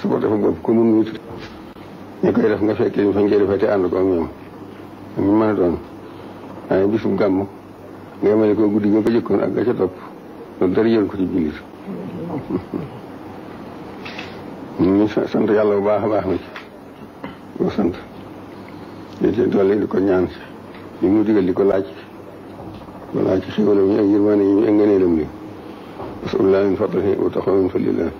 supporté fa bopp ku mun wut ñi koy def nga fekkee ñu fañ koy defee te ànd ko ak ñoom ñu mën a doon waaye bisum gàmm nga yemale ko guddi nga ko jëkkoon ak ga ca topp loolu dara jël ko ci jullit ñu sant yàlla bu baax a baax na ci ko sant di ci dolli di ko ñaan si li mu digal di ko laaj ko laaj ci na yi ak yërmaane yi ñu enganeelam li asallah min fadlihi wa taxaw min fadlillah